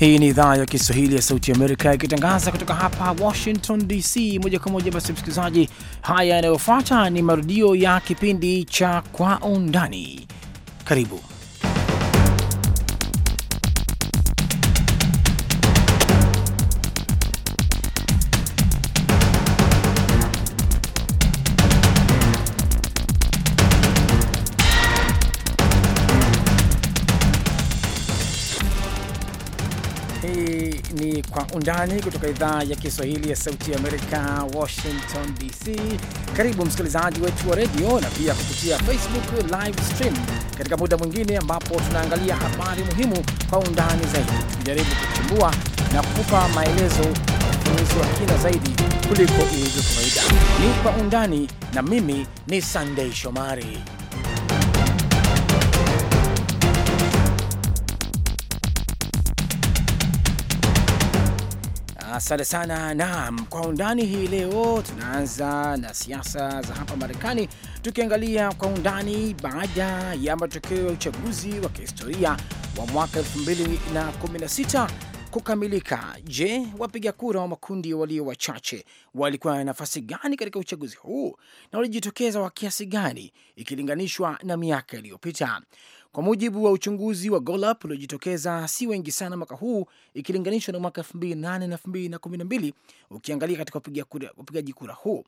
Hii ni idhaa ya Kiswahili ya Sauti Amerika ikitangaza kutoka hapa Washington DC moja kwa moja. Basi msikilizaji, haya yanayofuata ni marudio ya kipindi cha Kwa Undani. Karibu. undani kutoka idhaa ya Kiswahili ya Sauti ya Amerika, Washington DC. Karibu msikilizaji wetu wa redio na pia kupitia Facebook live stream katika muda mwingine ambapo tunaangalia habari muhimu kwa undani zaidi, tukijaribu kuchumbua na kupa maelezo ufafanuzi wa kina zaidi kuliko ilivyo kawaida. Ni kwa undani, na mimi ni Sandei Shomari. Asante sana. Naam, kwa undani hii leo tunaanza na siasa za hapa Marekani, tukiangalia kwa undani baada ya matokeo ya uchaguzi wa kihistoria wa mwaka 2016 kukamilika. Je, wapiga kura wa makundi walio wachache walikuwa na nafasi gani katika uchaguzi huu na walijitokeza kwa kiasi gani ikilinganishwa na miaka iliyopita? Kwa mujibu wa uchunguzi wa Gallup uliojitokeza, si wengi sana mwaka huu ikilinganishwa na mwaka 2008 na 2012, ukiangalia katika upigaji kura huu.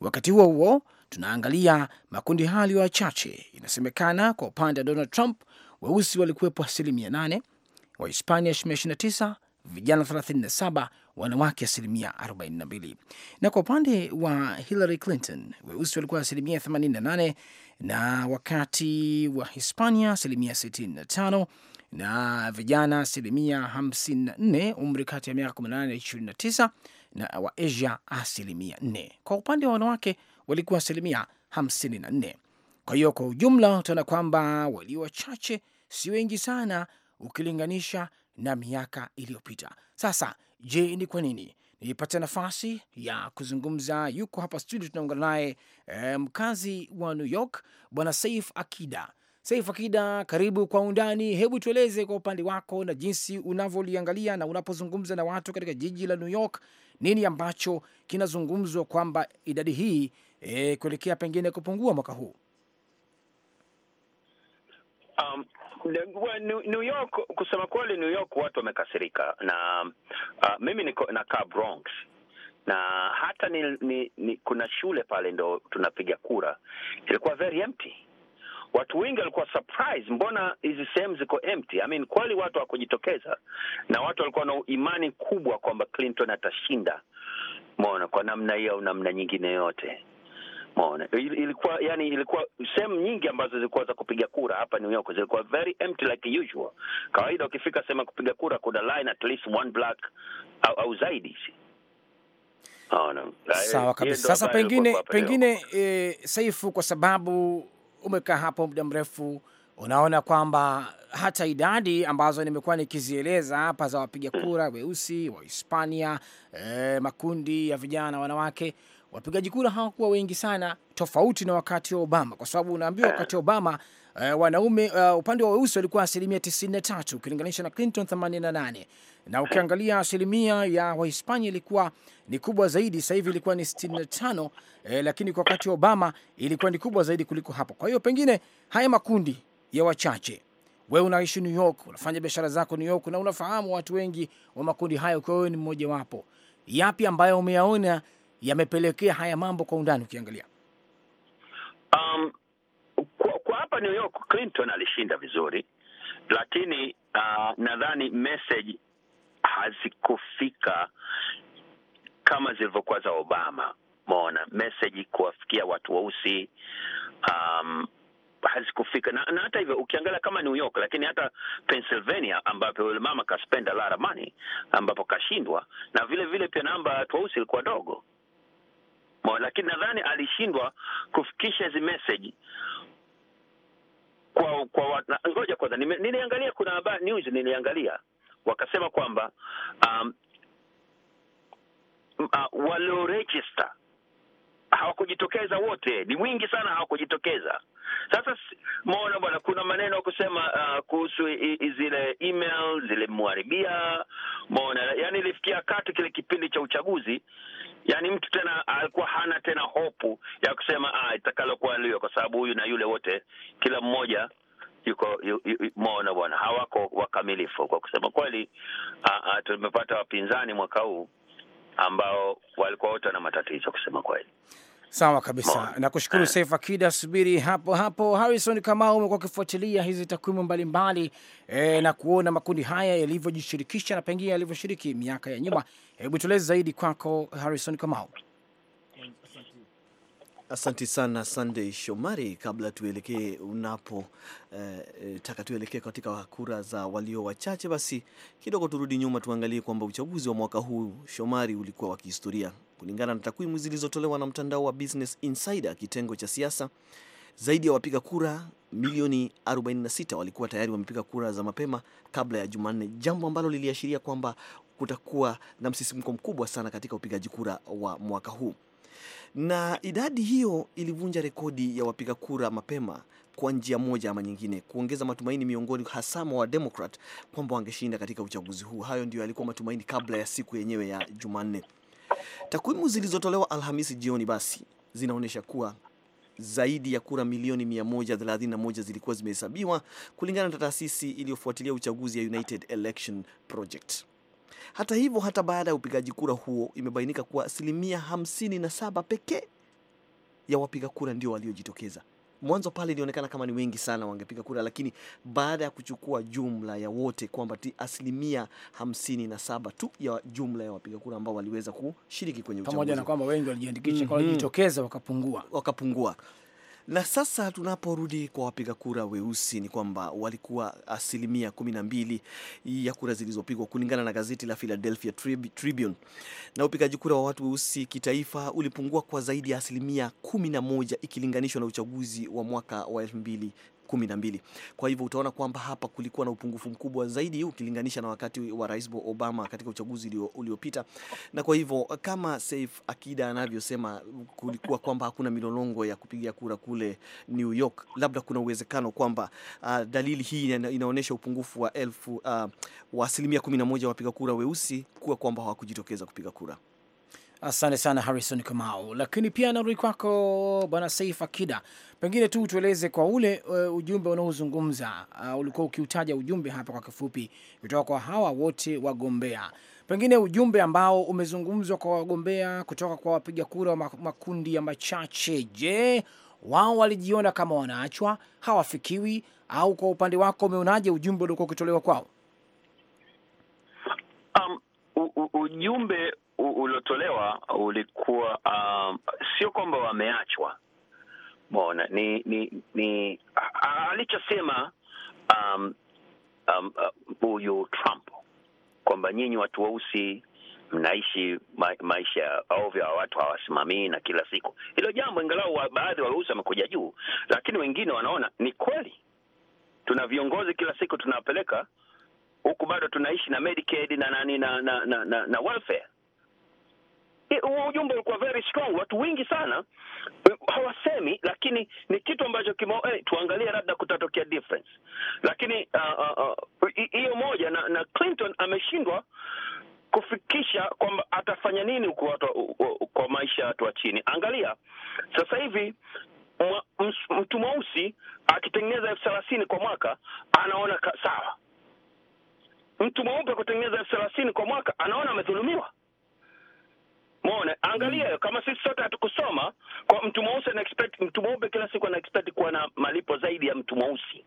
Wakati huo huo, tunaangalia makundi hayo wachache. Inasemekana kwa upande wa Donald Trump weusi walikuwepo asilimia 8, Wahispania 29, vijana 37, wanawake asilimia 42, na kwa upande wa Hillary Clinton weusi walikuwa asilimia 88 na wakati wa Hispania asilimia 65 na vijana asilimia 54 umri kati ya miaka 18 na 29 na wa Asia asilimia 4. Kwa upande wa wanawake walikuwa asilimia 54. Kwa hiyo kwa ujumla utaona kwamba walio wachache si wengi sana ukilinganisha na miaka iliyopita. Sasa je, ni kwa nini? nilipata nafasi ya kuzungumza, yuko hapa studio, tunaungana naye e, mkazi wa New York bwana Saif Akida. Saif Akida, karibu kwa undani. Hebu tueleze kwa upande wako na jinsi unavyoliangalia na unapozungumza na watu katika jiji la New York, nini ambacho kinazungumzwa kwamba idadi hii e, kuelekea pengine kupungua mwaka huu? Um, New York, kusema kweli, New York watu wamekasirika na uh, mimi niko nakaa Bronx na hata ni, ni, ni, kuna shule pale ndo tunapiga kura, ilikuwa very empty. Watu wengi walikuwa surprise, mbona hizi sehemu ziko empty? I mean, kweli watu hawakujitokeza, na watu walikuwa na imani kubwa kwamba Clinton atashinda, mona kwa namna hiyo au namna nyingine yote Maone. Ilikuwa yani, ilikuwa sehemu nyingi ambazo zilikuwa za kupiga kura hapa New York zilikuwa very empty like usual. Kawaida ukifika sehemu ya kupiga kura kuna line at least one block au, au zaidi. Maona. Eh, Sawa kabisa. Sasa pengine pengine e, Saifu, kwa sababu umekaa hapo muda mrefu, unaona kwamba hata idadi ambazo nimekuwa nikizieleza hapa za wapiga kura weusi wa Hispania, e, eh, makundi ya vijana wanawake wapigaji kura hawakuwa wengi sana, tofauti na wakati wa Obama, kwa sababu unaambiwa wakati wa Obama uh, wanaume uh, upande wa weusi walikuwa asilimia 93 ukilinganisha na Clinton 88, na ukiangalia asilimia ya Wahispania ilikuwa ni kubwa zaidi, sasa hivi ilikuwa ni 65, eh, lakini kwa wakati wa Obama ilikuwa ni kubwa zaidi kuliko hapo. Kwa hiyo pengine haya makundi ya wachache we unaishi New York, unafanya biashara zako New York, na unafahamu watu wengi wa makundi hayo, kwa hiyo ni mmoja wapo. Yapi ambayo umeyaona yamepelekea haya mambo kwa undani ukiangalia? Um, kwa, kwa hapa New York Clinton alishinda vizuri, lakini uh, nadhani message hazikufika kama zilivyokuwa za Obama. Maona message kuwafikia watu weusi um, hazikufika na, na hata hivyo ukiangalia kama New York, lakini hata Pennsylvania ambapo yule mama kaspenda lara ambapo kashindwa, na vile vile pia namba watu weusi ilikuwa dogo lakini nadhani alishindwa kufikisha hizi message kwa kwa ngoja kwanza, niliangalia kuna habari news, niliangalia wakasema kwamba um, uh, walioregister hawakujitokeza wote, ni wingi sana hawakujitokeza. Sasa maona bwana, kuna maneno ya kusema uh, kuhusu zile email zilimharibia maona, yani ilifikia kati kile kipindi cha uchaguzi yani mtu tena alikuwa hana tena hopu ya kusema ah, itakalokuwa liwe, kwa sababu huyu na yule wote, kila mmoja yuko yu, yu, mona bwana, hawako wakamilifu kwa kusema kweli. Tumepata wapinzani mwaka huu ambao walikuwa wote na matatizo kusema kweli. Sawa kabisa, nakushukuru eh. Saif Akida. Subiri hapo hapo, Harrison Kamau, umekuwa ukifuatilia hizi takwimu mbalimbali e, na kuona makundi haya yalivyojishirikisha na pengine yalivyoshiriki miaka ya nyuma. Hebu tueleze zaidi kwako, Harrison Kamau. Asanti sana sandey Shomari. Kabla tuelekee unapo eh, eh, taka tuelekee katika kura za walio wachache, basi kidogo turudi nyuma, tuangalie kwamba uchaguzi wa mwaka huu Shomari ulikuwa wa kihistoria. Kulingana na takwimu zilizotolewa na mtandao wa Business Insider, kitengo cha siasa, zaidi ya wapiga kura milioni 46 walikuwa tayari wamepiga kura za mapema kabla ya Jumanne, jambo ambalo liliashiria kwamba kutakuwa na msisimko mkubwa sana katika upigaji kura wa mwaka huu. Na idadi hiyo ilivunja rekodi ya wapiga kura mapema kwa njia moja ama nyingine, kuongeza matumaini miongoni hasa mwa Wademokrat kwamba wangeshinda katika uchaguzi huu. Hayo ndio yalikuwa matumaini kabla ya siku yenyewe ya Jumanne. Takwimu zilizotolewa Alhamisi jioni basi zinaonyesha kuwa zaidi ya kura milioni 131 zilikuwa zimehesabiwa kulingana na taasisi iliyofuatilia uchaguzi ya United Election Project. Hata hivyo, hata baada ya upigaji kura huo, imebainika kuwa asilimia 57 pekee ya wapiga kura ndio waliojitokeza mwanzo pale ilionekana kama ni wengi sana wangepiga kura, lakini baada ya kuchukua jumla ya wote kwamba asilimia hamsini na saba tu ya jumla ya wapiga kura ambao waliweza kushiriki kwenye uchaguzi, pamoja na kwamba wengi walijiandikisha, mm -hmm. kwa mhm. waliojitokeza wakapungua, wakapungua. Na sasa tunaporudi kwa wapiga kura weusi ni kwamba walikuwa asilimia kumi na mbili ya kura zilizopigwa kulingana na gazeti la Philadelphia Tribune, na upigaji kura wa watu weusi kitaifa ulipungua kwa zaidi ya asilimia kumi na moja ikilinganishwa na uchaguzi wa mwaka wa elfu mbili 12. Kwa hivyo utaona kwamba hapa kulikuwa na upungufu mkubwa zaidi ukilinganisha na wakati wa Rais Obama katika uchaguzi uliopita, na kwa hivyo kama Saif Akida anavyosema, kulikuwa kwamba hakuna milolongo ya kupigia kura kule New York. Labda kuna uwezekano kwamba uh, dalili hii inaonyesha upungufu wa elfu uh, wa asilimia 11 wapiga kura weusi kuwa kwamba hawakujitokeza kupiga kura. Asante sana Harrison Kamau, lakini pia narudi kwako bwana Saif Akida, pengine tu tueleze kwa ule uh, ujumbe unaozungumza uh, ulikuwa ukiutaja ujumbe hapa kwa kifupi, kutoka kwa hawa wote wagombea, pengine ujumbe ambao umezungumzwa kwa wagombea kutoka kwa wapiga kura wa makundi ya machache. Je, wao walijiona kama wanaachwa hawafikiwi, au kwa upande wako umeonaje ujumbe uliokuwa ukitolewa kwao? Um, ujumbe uliotolewa ulikuwa um, sio kwamba wameachwa mona ni ni ni alichosema um, um, uh, Trump kwamba nyinyi watu weusi mnaishi ma, maisha ovyo, watu hawasimamii na kila siku. Hilo jambo ingalau wa, baadhi waweusi wamekuja juu, lakini wengine wanaona ni kweli, tuna viongozi kila siku tunawapeleka huku, bado tunaishi na Medicaid na nani na na, na, na, na welfare Eh, huo ujumbe ulikuwa very strong. Watu wengi sana eh, hawasemi, lakini ni kitu ambacho kimo, eh, tuangalie labda kutatokea difference, lakini ah, ah, ah, hiyo uh, uh, uh, moja na, na Clinton ameshindwa kufikisha kwamba atafanya nini huku watu kwa maisha ya watu wa chini. Angalia sasa hivi mtu mweusi akitengeneza elfu thelathini kwa mwaka anaona sawa, mtu mweupe kutengeneza elfu thelathini kwa mwaka anaona amedhulumiwa. Umeona, angalia mm. Kama sisi sote hatukusoma, kwa mtu mweusi ana expect, mtu mweupe kila siku ana expect kuwa na malipo zaidi ya mtu mweusi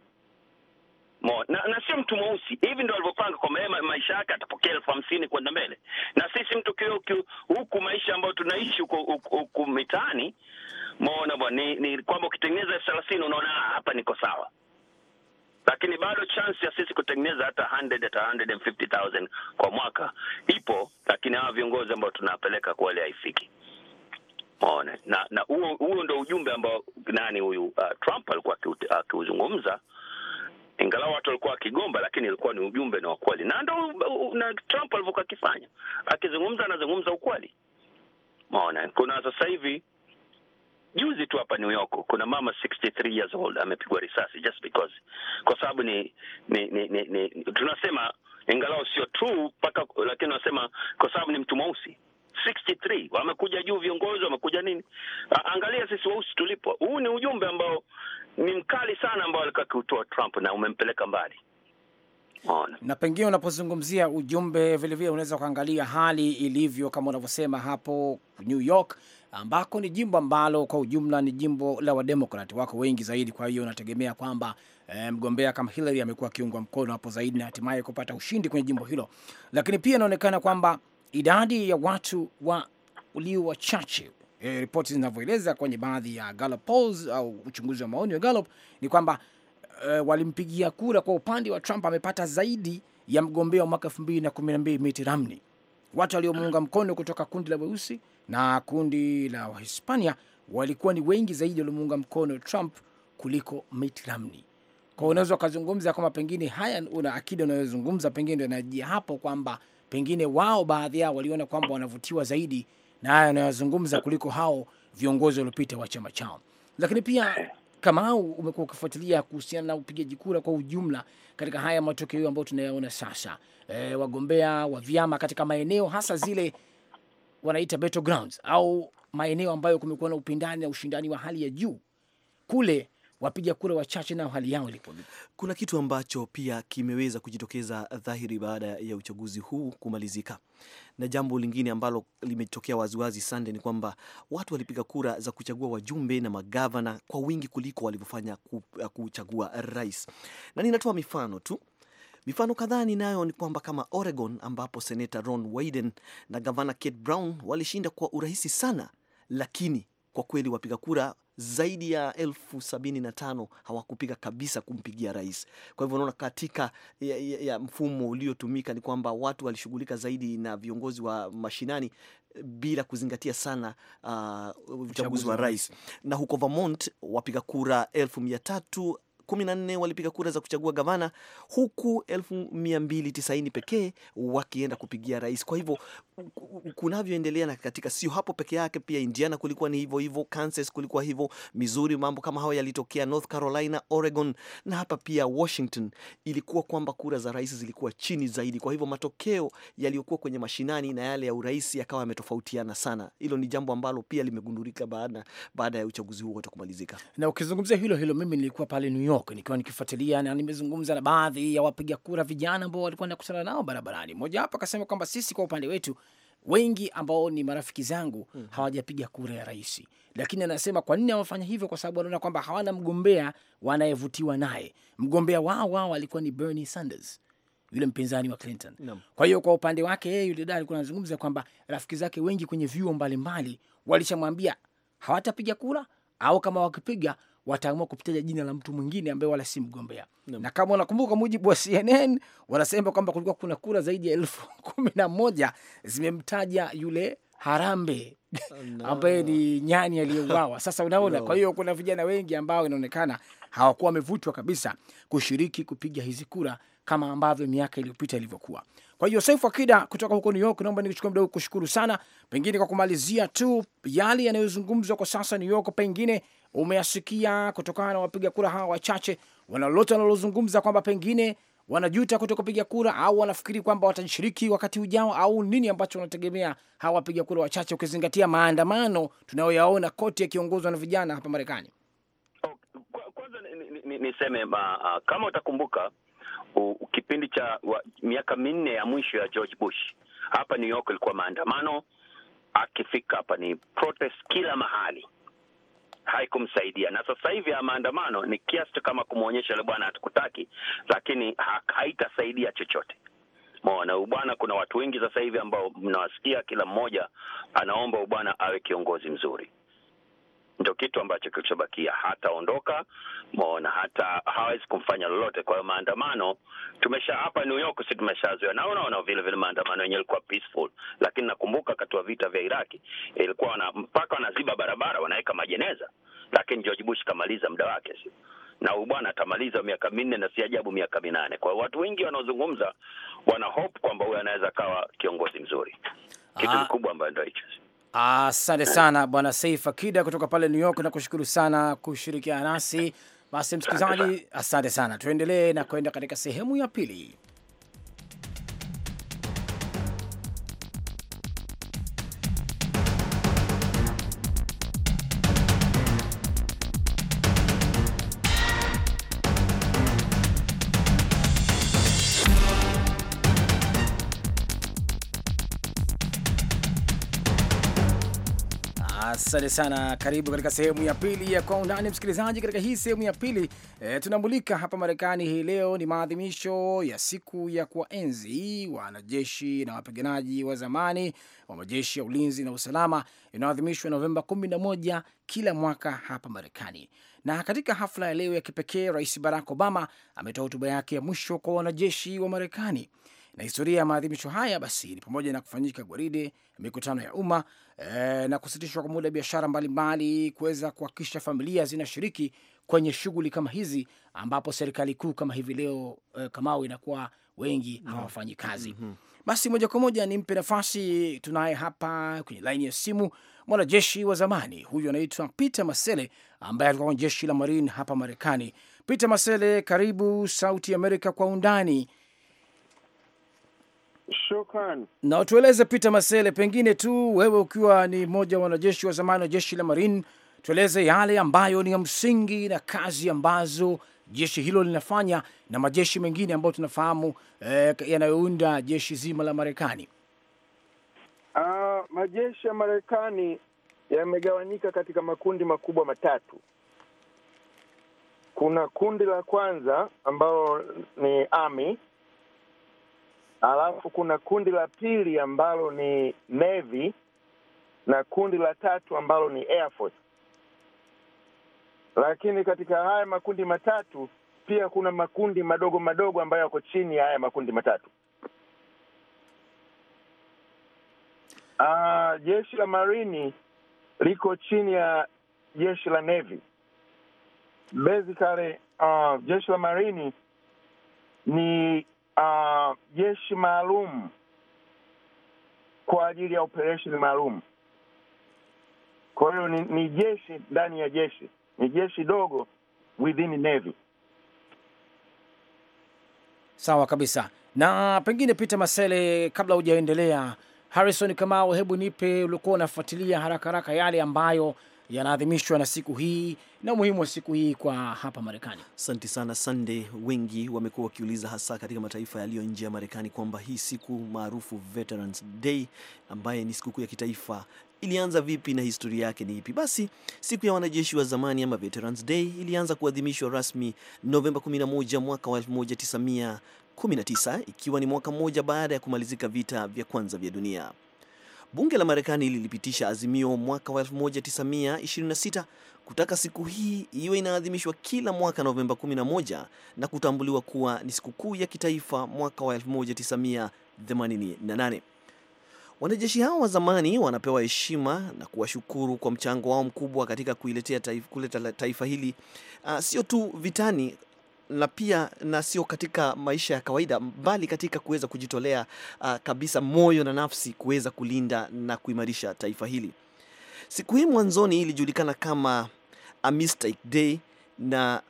na, na sio mtu mweusi hivi ndo alivyopanga kwamba yeye maisha yake atapokea elfu hamsini kwenda mbele. Na sisi mtu kiokio huku maisha ambayo tunaishi huku mitaani, maona bwana ni, ni kwamba ukitengeneza elfu thelathini unaona ah, hapa niko sawa lakini bado chance ya sisi kutengeneza hata 100 hata 150,000 kwa mwaka ipo, lakini hawa viongozi ambao tunawapeleka kuwale haifiki. Maona na na huo huo ndo ujumbe ambao nani huyu uh, Trump alikuwa akiuzungumza uh, ingalau watu walikuwa wakigomba, lakini ilikuwa ni ujumbe na ukweli, na ndo uh, na Trump alivyokuwa akifanya, akizungumza anazungumza ukweli. Maona kuna sasa hivi Juzi tu hapa New York kuna mama 63 years old amepigwa risasi just because, kwa sababu ni, ni, ni, ni, ni tunasema ingalau sio true paka, lakini wanasema kwa sababu ni mtu mweusi 63 wamekuja juu, viongozi wamekuja nini. Angalia sisi weusi tulipo. Huu ni ujumbe ambao ni mkali sana, ambao alikuwa akiutoa Trump na umempeleka mbali Na pengine unapozungumzia ujumbe vilevile, unaweza kuangalia hali ilivyo kama unavyosema hapo New York ambako ni jimbo ambalo kwa ujumla ni jimbo la wademokrat wako wengi zaidi. Kwa hiyo unategemea kwamba eh, mgombea kama Hillary amekuwa akiungwa mkono hapo zaidi na hatimaye kupata ushindi kwenye jimbo hilo, lakini pia inaonekana kwamba idadi ya watu wa ulio wachache eh, ripoti zinavyoeleza kwenye baadhi ya Gallup polls au uchunguzi wa maoni wa Gallup ni kwamba eh, walimpigia kura kwa upande wa Trump amepata zaidi ya mgombea wa mwaka elfu mbili na kumi na mbili Mitt Romney. Watu waliomuunga mkono kutoka kundi la weusi na kundi la Wahispania walikuwa ni wengi zaidi waliomuunga mkono Trump kuliko Mitt Romney. Kwa unaweza ukazungumza kwamba pengine haya una akida unayozungumza pengine ndio inajia hapo kwamba pengine wao baadhi yao waliona kwamba wanavutiwa zaidi na haya anayozungumza kuliko hao viongozi waliopita wa chama chao. Lakini pia kama au umekuwa ukifuatilia kuhusiana na upigaji kura kwa ujumla katika haya matokeo ambayo tunayaona sasa, e, wagombea wa vyama katika maeneo hasa zile wanaita battlegrounds au maeneo ambayo kumekuwa na upindani na ushindani wa hali ya juu kule wapiga kura wachache nao hali yao ilipo. Kuna kitu ambacho pia kimeweza kujitokeza dhahiri baada ya uchaguzi huu kumalizika, na jambo lingine ambalo limetokea waziwazi Sande ni kwamba watu walipiga kura za kuchagua wajumbe na magavana kwa wingi kuliko walivyofanya kuchagua rais, na ninatoa mifano tu Mifano kadhaa ninayo ni kwamba kama Oregon, ambapo seneta Ron Wyden na gavana Kate Brown walishinda kwa urahisi sana, lakini kwa kweli wapiga kura zaidi ya elfu sabini na tano hawakupiga kabisa kumpigia rais. Kwa hivyo unaona katika ya, ya, ya mfumo uliotumika ni kwamba watu walishughulika zaidi na viongozi wa mashinani bila kuzingatia sana ah, uchaguzi uh, wa rais. Na huko Vermont wapiga kura elfu mia tatu 14 walipiga kura za kuchagua gavana, huku 290 pekee wakienda kupigia rais. Kwa hivyo kunavyoendelea na katika sio hapo peke yake, pia Indiana kulikuwa ni hivyo hivyo, Kansas kulikuwa hivyo, Missouri mambo kama hayo yalitokea, North Carolina, Oregon na hapa pia Washington, ilikuwa kwamba kura za rais zilikuwa chini zaidi. Kwa hivyo matokeo yaliyokuwa kwenye mashinani na yale ya urais yakawa yametofautiana sana. Hilo ni jambo ambalo pia limegundulika baada baada ya uchaguzi huo wote kumalizika. Na ukizungumzia hilo hilo, mimi nilikuwa pale New York nikiwa nikifuatilia na nimezungumza na baadhi ya wapiga kura vijana ambao walikuwa nakutana nao barabarani. Mmoja akasema kwamba sisi kwa upande wetu wengi ambao ni marafiki zangu mm -hmm. hawajapiga kura ya rais, lakini anasema kwa nini hawafanya hivyo? Kwa sababu wanaona kwamba hawana mgombea wanayevutiwa naye. Mgombea wao wao alikuwa ni Bernie Sanders, yule mpinzani wa Clinton no. Kwa hiyo kwa upande wake yeye, yule dada alikuwa anazungumza kwamba rafiki zake wengi kwenye vyuo mbalimbali walishamwambia hawatapiga kura au kama wakipiga wataamua kupitia jina la mtu mwingine ambaye wala si mgombea no. Na kama unakumbuka, mujibu wa CNN wanasema kwamba kulikuwa kuna kura zaidi ya elfu kumi na moja zimemtaja yule Harambe oh, no. ambaye ni nyani aliyeuawa. Sasa unaona no. Kwa hiyo kuna vijana wengi ambao inaonekana hawakuwa wamevutwa kabisa kushiriki kupiga hizi kura kama ambavyo miaka iliyopita ilivyokuwa. Kwa hiyo Saifu Akida kutoka huko New York, naomba nikuchukua muda huu kushukuru sana. Pengine kwa kumalizia tu yale yanayozungumzwa kwa sasa New York, pengine umeyasikia kutokana na wapiga kura hawa wachache, wana lolote wanalozungumza kwamba pengine wanajuta kuto kupiga kura au wanafikiri kwamba watashiriki wakati ujao, au nini ambacho wanategemea hawa wapiga kura wachache, ukizingatia maandamano tunayoyaona kote yakiongozwa na vijana hapa Marekani? Kwanza niseme uh, uh, kama utakumbuka kipindi cha miaka minne ya mwisho ya George Bush hapa New York ilikuwa maandamano, akifika hapa ni protest kila mahali haikumsaidia. Na sasa hivi ya maandamano ni kiasi tu kama kumwonyesha yule bwana hatukutaki, lakini ha haitasaidia chochote. Maona ubwana, kuna watu wengi sasa hivi ambao mnawasikia, kila mmoja anaomba ubwana awe kiongozi mzuri ndio kitu ambacho kilichobakia. Hataondoka maona, hata hawezi kumfanya lolote. Kwa hiyo maandamano tumesha hapa New York, si tumeshazoea, na unaona vile vile maandamano yenyewe ilikuwa peaceful, lakini nakumbuka wakati wa vita vya Iraki ilikuwa wana, mpaka wanaziba barabara wanaweka majeneza, lakini George Bush kamaliza muda wake, si na huyu bwana atamaliza miaka minne na si ajabu miaka minane. Kwa hiyo watu wengi wanaozungumza wana hope kwamba huyu anaweza akawa kiongozi mzuri, kitu ah. kikubwa ambayo ndo hicho. Asante sana bwana Saif Akida kutoka pale New York, na kushukuru sana kushirikiana nasi. Basi msikilizaji, asante sana. Tuendelee na kwenda katika sehemu ya pili. Asante sana, karibu katika sehemu ya pili ya kwa undani, msikilizaji. Katika hii sehemu ya pili e, tunamulika hapa Marekani hii leo ni maadhimisho ya siku ya kuwaenzi wanajeshi na wapiganaji wa zamani wa majeshi ya ulinzi na usalama inayoadhimishwa Novemba 11 kila mwaka hapa Marekani. Na katika hafla ya leo ya kipekee, Rais Barack Obama ametoa hotuba yake ya mwisho kwa wanajeshi wa Marekani na historia ya maadhimisho haya basi ni pamoja na kufanyika gwaride, mikutano ya umma e, na kusitishwa kwa muda biashara mbalimbali, kuweza kuhakikisha familia zinashiriki kwenye shughuli kama hizi, ambapo serikali kuu kama hivi leo e, eh, kamao inakuwa wengi mm-hmm. hawafanyi kazi mm -hmm. Basi moja kwa moja nimpe nafasi, tunaye hapa kwenye laini ya simu mwanajeshi wa zamani huyu anaitwa Peter Masele ambaye alikuwa kwenye jeshi la Marine hapa Marekani. Peter Masele, karibu Sauti Amerika kwa undani. Shukran na tueleze Peter Masele, pengine tu wewe ukiwa ni mmoja wa wanajeshi wa zamani wa jeshi la Marine, tueleze yale ambayo ni ya msingi na kazi ambazo jeshi hilo linafanya na majeshi mengine ambayo tunafahamu eh, yanayounda jeshi zima la Marekani. Uh, majeshi ya Marekani yamegawanyika katika makundi makubwa matatu. Kuna kundi la kwanza ambalo ni Army alafu kuna kundi la pili ambalo ni Navy na kundi la tatu ambalo ni Air Force. Lakini katika haya makundi matatu pia kuna makundi madogo madogo ambayo yako chini ya haya makundi matatu. Uh, jeshi la marini liko chini ya jeshi la Navy. Basically, uh, jeshi la marini ni uh, jeshi maalum kwa ajili ya operesheni maalum. Kwa hiyo ni, ni jeshi ndani ya jeshi, ni jeshi dogo within navy. Sawa kabisa. Na pengine Peter Masele, kabla hujaendelea, Harrison Kamau, hebu nipe, ulikuwa unafuatilia haraka haraka yale ambayo yanaadhimishwa na siku hii na umuhimu wa siku hii kwa hapa Marekani. Asante sana Sunday. Wengi wamekuwa wakiuliza hasa katika mataifa yaliyo nje ya Marekani kwamba hii siku maarufu Veterans Day ambaye ni sikukuu ya kitaifa ilianza vipi na historia yake ni ipi? Basi siku ya wanajeshi wa zamani ama Veterans Day ilianza kuadhimishwa rasmi Novemba 11 mwaka wa 1919 ikiwa ni mwaka mmoja baada ya kumalizika vita vya kwanza vya dunia. Bunge la Marekani lilipitisha azimio mwaka wa 1926 kutaka siku hii iwe inaadhimishwa kila mwaka Novemba 11 na kutambuliwa kuwa ni sikukuu ya kitaifa mwaka wa 1988. Wanajeshi hao wa zamani wanapewa heshima na kuwashukuru kwa mchango wao mkubwa katika kuiletea taifa, kuleta taifa hili ah, sio tu vitani na pia na sio katika maisha ya kawaida, bali katika kuweza kujitolea uh, kabisa moyo na nafsi kuweza kulinda na kuimarisha taifa hili. Siku hii mwanzoni ilijulikana kama Armistice Day na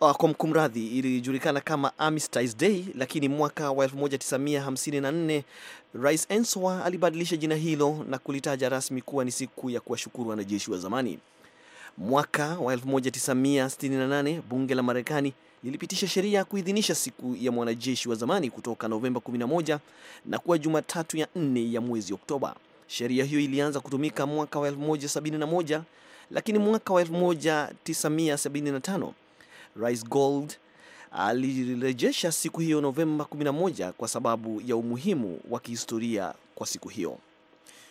ah, kwa kumradhi, ilijulikana kama Armistice Day, lakini mwaka wa 1954 Rais Enswa alibadilisha jina hilo na kulitaja rasmi kuwa ni siku ya kuwashukuru wanajeshi wa zamani. Mwaka wa 1968 bunge la Marekani lilipitisha sheria ya kuidhinisha siku ya mwanajeshi wa zamani kutoka Novemba 11 na kuwa Jumatatu ya nne ya mwezi Oktoba. Sheria hiyo ilianza kutumika mwaka wa 1971 lakini mwaka wa 1975 Rais Gold alirejesha siku hiyo Novemba 11 kwa sababu ya umuhimu wa kihistoria kwa siku hiyo.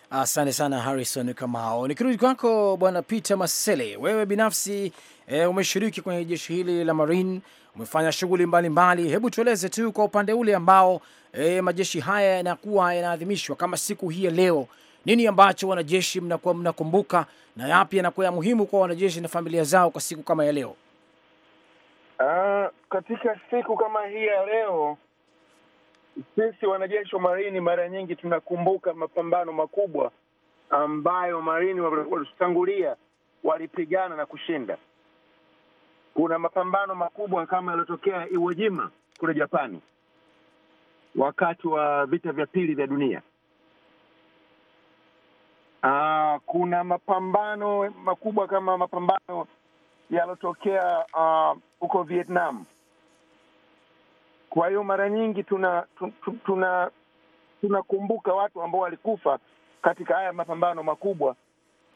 Asante sana Harrison Kamao. Nikirudi kwako Bwana Peter Masele, wewe binafsi e, umeshiriki kwenye jeshi hili la Marine umefanya shughuli mbalimbali. Hebu tueleze tu kwa upande ule ambao e, majeshi haya yanakuwa yanaadhimishwa kama siku hii ya leo, nini ambacho wanajeshi mnakuwa mnakumbuka na yapi yanakuwa ya muhimu kwa wanajeshi na familia zao kwa siku kama ya leo? Uh, katika siku kama hii ya leo sisi wanajeshi wa marini mara nyingi tunakumbuka mapambano makubwa ambayo marini walitangulia walipigana na kushinda kuna mapambano makubwa kama yaliyotokea Iwojima kule Japani wakati wa vita vya pili vya dunia. Aa, ah, kuna mapambano makubwa kama mapambano yaliyotokea ah, huko uh, Vietnam. Kwa hiyo mara nyingi tuna tuna tunakumbuka tuna watu ambao walikufa katika haya mapambano makubwa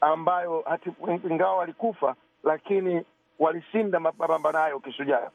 ambayo hati, ingawa walikufa lakini walishinda mapambano hayo kishujaa.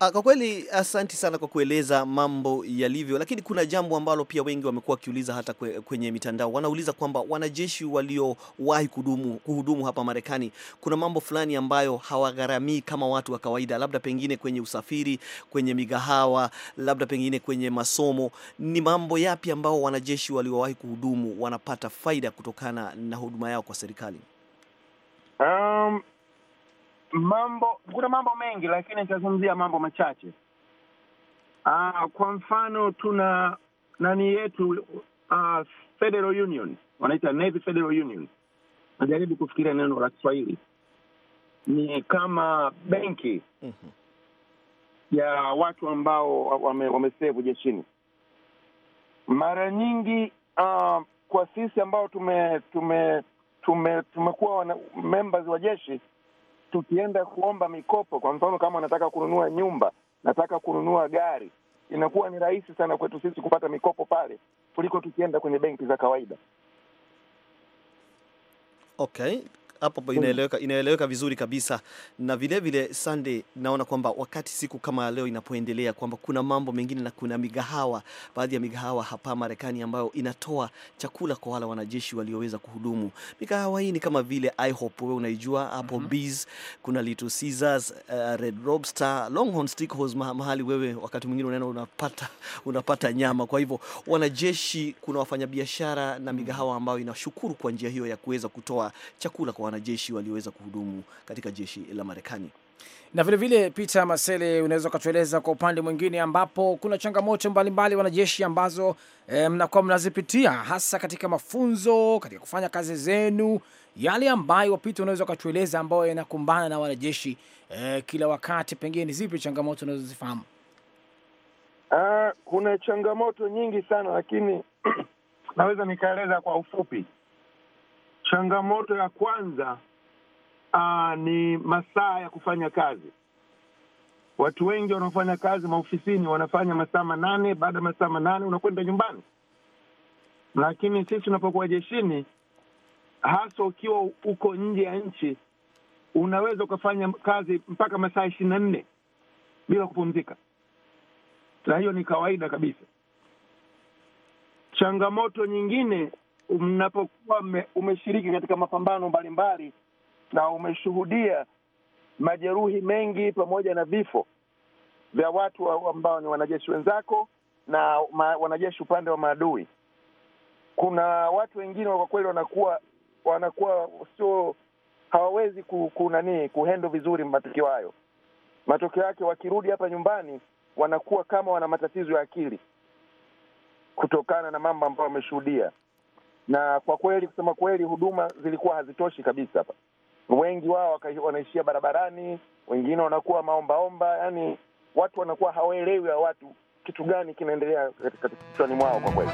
Ah, kwa kweli asanti sana kwa kueleza mambo yalivyo, lakini kuna jambo ambalo pia wengi wamekuwa wakiuliza hata kwenye mitandao. Wanauliza kwamba wanajeshi waliowahi kudumu, kuhudumu hapa Marekani, kuna mambo fulani ambayo hawagharamii kama watu wa kawaida, labda pengine kwenye usafiri, kwenye migahawa, labda pengine kwenye masomo. Ni mambo yapi ambao wanajeshi waliowahi kuhudumu wanapata faida kutokana na huduma yao kwa serikali? Um, mambo kuna mambo mengi, lakini nitazungumzia mambo machache. Uh, kwa mfano tuna nani yetu uh, Federal Union wanaita Navy Federal Union. Najaribu kufikiria neno la Kiswahili, ni kama benki mm -hmm. ya watu ambao wamesevu wame jeshini. Mara nyingi uh, kwa sisi ambao tume, tume tume, tumekuwa members wa jeshi tukienda kuomba mikopo, kwa mfano kama nataka kununua nyumba, nataka kununua gari, inakuwa ni rahisi sana kwetu sisi kupata mikopo pale kuliko tukienda kwenye benki za kawaida. Okay, hapo inaeleweka, inaeleweka vizuri kabisa. Na vilevile Sunday, naona kwamba wakati siku kama leo inapoendelea kwamba kuna mambo mengine na kuna migahawa, baadhi ya migahawa hapa Marekani ambayo inatoa chakula kwa wale wanajeshi walioweza kuhudumu. Migahawa hii ni kama vile IHOP, wewe unaijua hapo mm -hmm. Bees, kuna Little Caesars, uh, Red Lobster, Longhorn Steakhouse, mahali wewe wakati mwingine unaenda unapata unapata nyama. Kwa hivyo wanajeshi, kuna wafanyabiashara na migahawa mhm. ambayo inashukuru kwa njia hiyo ya kuweza kutoa chakula kwa wanajeshi walioweza kuhudumu katika jeshi la Marekani. Na vilevile vile, Peter Masele, unaweza ukatueleza kwa upande mwingine ambapo kuna changamoto mbalimbali wanajeshi ambazo eh, mnakuwa mnazipitia hasa katika mafunzo, katika kufanya kazi zenu, yale ambayo Peter unaweza ukatueleza ambayo yanakumbana na wanajeshi eh, kila wakati, pengine ni zipi changamoto unazozifahamu? Uh, kuna changamoto nyingi sana lakini naweza nikaeleza kwa ufupi. Changamoto ya kwanza aa, ah, ni masaa ya kufanya kazi. Watu wengi wanaofanya kazi maofisini wanafanya masaa manane, baada ya masaa manane unakwenda nyumbani. Lakini sisi unapokuwa jeshini, hasa ukiwa uko nje ya nchi, unaweza ukafanya kazi mpaka masaa ishirini na nne bila kupumzika, na hiyo ni kawaida kabisa. Changamoto nyingine mnapokuwa umeshiriki katika mapambano mbalimbali na umeshuhudia majeruhi mengi pamoja na vifo vya watu ambao ni wanajeshi wenzako na ma, wanajeshi upande wa maadui. Kuna watu wengine kwa kweli wanakuwa wanakuwa sio hawawezi ku, ku nani kuhendo vizuri matukio hayo. Matokeo yake wakirudi hapa nyumbani wanakuwa kama wana matatizo ya akili kutokana na mambo ambayo wameshuhudia na kwa kweli, kusema kweli, huduma zilikuwa hazitoshi kabisa hapa. Wengi wao wanaishia barabarani, wengine wanakuwa maombaomba, yani watu wanakuwa hawaelewi ya watu kitu gani kinaendelea katika kichwani mwao kwa kweli.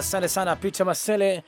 Asante sana Peter Masele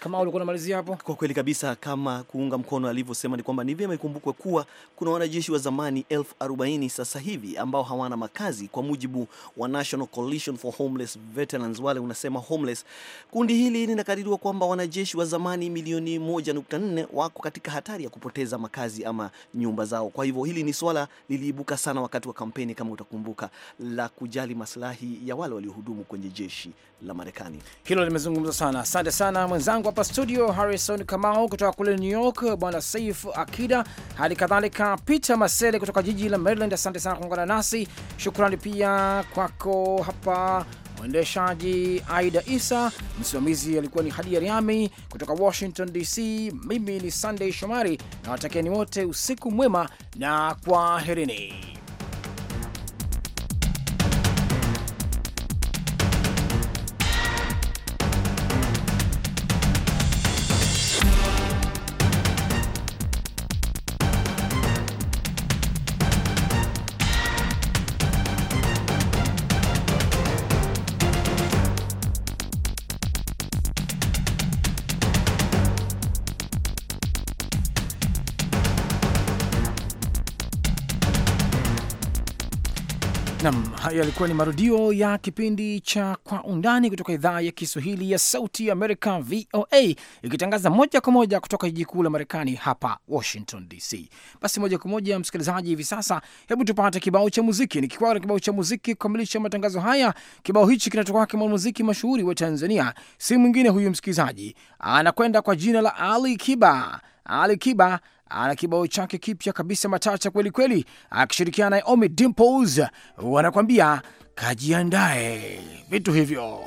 kama ulikuwa unamalizia hapo. Kwa kweli kabisa, kama kuunga mkono alivyosema, ni kwamba ni vyema ikumbukwe kuwa kuna wanajeshi wa zamani elfu arobaini sasa hivi ambao hawana makazi kwa mujibu wa National Coalition for Homeless Veterans, wale unasema homeless. Kundi hili linakadiriwa kwamba wanajeshi wa zamani milioni 1.4 wako katika hatari ya kupoteza makazi ama nyumba zao. Kwa hivyo hili ni swala liliibuka sana wakati wa kampeni, kama utakumbuka, la kujali maslahi ya wale waliohudumu kwenye jeshi la Marekani. Hilo limezungumzwa sana. Asante sana mwenzangu mwenzangu hapa studio Harrison Kamau kutoka kule New York, bwana Saif Akida, hali kadhalika Peter Masele kutoka jiji la Maryland. Asante sana kuungana nasi. Shukrani pia kwako hapa mwendeshaji Aida Isa, msimamizi alikuwa ni Hadia Riami kutoka Washington DC. Mimi ni Sunday Shomari na watakieni wote usiku mwema na kwaherini. Hayo yalikuwa ni marudio ya kipindi cha Kwa Undani kutoka idhaa ya Kiswahili ya Sauti ya Amerika, VOA, ikitangaza moja kwa moja kutoka jiji kuu la Marekani, hapa Washington DC. Basi moja kwa moja, msikilizaji, hivi sasa, hebu tupate kibao cha muziki. Ni kikwao na kibao cha muziki kukamilisha matangazo haya. Kibao hichi kinatoka kwake mwanamuziki mashuhuri wa Tanzania, si mwingine huyu msikilizaji, anakwenda kwa jina la Ali Kiba. Ali Kiba ana kibao chake kipya kabisa matata kweli kweli, akishirikiana naye Omi Dimples, wanakwambia kajiandae, vitu hivyo